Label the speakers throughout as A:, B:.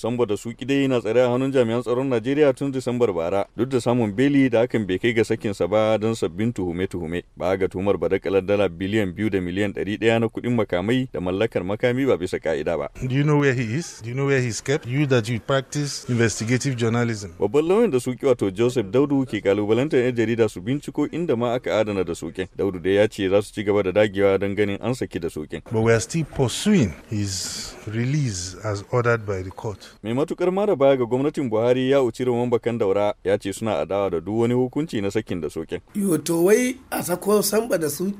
A: Samba da su dai yana tsare a hannun jami'an tsaron Najeriya tun Disambar bara duk da samun beli da hakan bai kai ga sakin sa ba don sabbin tuhume-tuhume ba ga tuhumar badakalar dala biliyan biyu da miliyan ɗari ɗaya na kuɗin makamai da mallakar makami ba bisa ka'ida ba.
B: Do you know where he is? Do you know where he's kept? You that you practice investigative journalism.
A: Babban lauyan da suki wato Joseph Daudu ke kalubalantar 'yan jarida su binciko inda ma aka adana da sukin. Daudu dai ya ce za su ci gaba da dagewa don ganin an saki da sukin.
B: But we are still pursuing his release as ordered by the court.
A: mai matukar mara baya ga gwamnatin buhari ya uci ruwan bakan daura ya ce suna adawa da duk wani hukunci na sakin da soken
B: yo wai a sako samba da su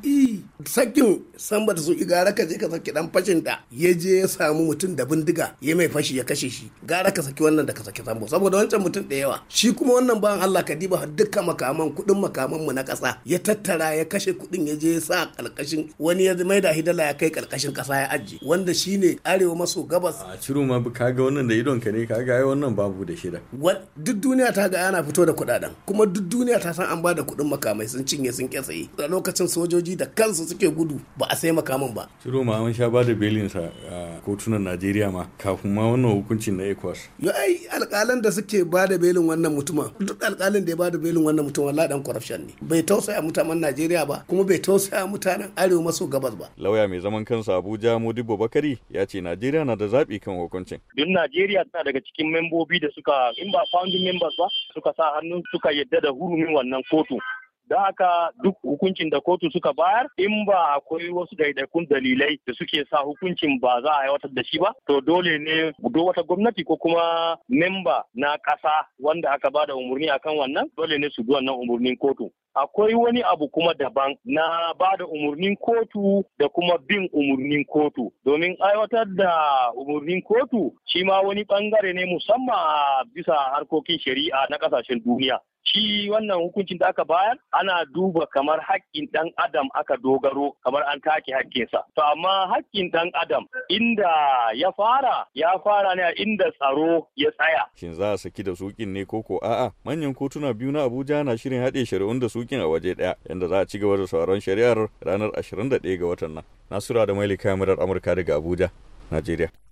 B: sakin samba da gara ka je ka saki dan fashin da ya je ya samu mutum da bindiga ya mai fashi ya kashe shi gara ka saki wannan da ka saki sambo saboda wancan mutum da yawa shi kuma wannan bayan Allah ka diba dukkan makaman kudin makaman mu na kasa ya tattara ya kashe kudin ya je ya sa kalkashin wani ya mai da hidala ya kai kalkashin kasa ya aje wanda shine arewa maso gabas a
C: ciro ma ka ga wannan da idon ka ne ka ga wannan babu da shida
B: duk duniya ta ga ana fito da kudaden kuma duk duniya ta san an ba da kudin makamai sun cinye sun kyasaye a lokacin sojoji da kansu suke gudu ba a sai makamin
C: ba shiro ma an sha ba da belinsa a kotunan najeriya ma kafin ma wannan hukuncin na ecowas
B: yo ai alƙalan da suke ba da belin wannan mutuma duk alƙalin da ya ba da belin wannan mutum wallahi dan corruption ne bai tausaya mutanen najeriya ba kuma bai tausaya mutanen arewa maso gabas ba
A: lauya mai zaman kansa abuja modibo bakari ya ce najeriya na da zaɓi kan hukuncin
B: duk najeriya
D: tana daga cikin membobi da suka in ba founding members ba suka sa hannu suka yadda da hurumin wannan kotu don haka duk hukuncin da kotu suka bayar in ba akwai wasu daidaikun dalilai da suke sa hukuncin ba za a aiwatar da shi ba to dole ne do wata gwamnati ko kuma memba na ƙasa wanda aka ba da umarni akan wannan dole ne su bi wannan umarnin kotu akwai wani abu kuma daban na ba da umarnin kotu da kuma bin umarnin kotu domin aiwatar da umarnin kotu shi ma wani bangare ne musamman a bisa harkokin shari'a na kasashen duniya shi wannan hukuncin da aka bayar ana duba kamar haƙƙin ɗan adam aka dogaro kamar an take haƙƙinsa to amma haƙƙin ɗan adam inda ya fara ya fara ne a inda tsaro ya tsaya
A: shin za a saki da sukin ne koko a'a manyan kotuna biyu na Abuja na shirin haɗe shari'un da sukin a waje ɗaya yadda za a ci gaba da sauran shari'ar ranar 21 ga watan nan Nasura da Maili kamarar Amurka daga Abuja Najeriya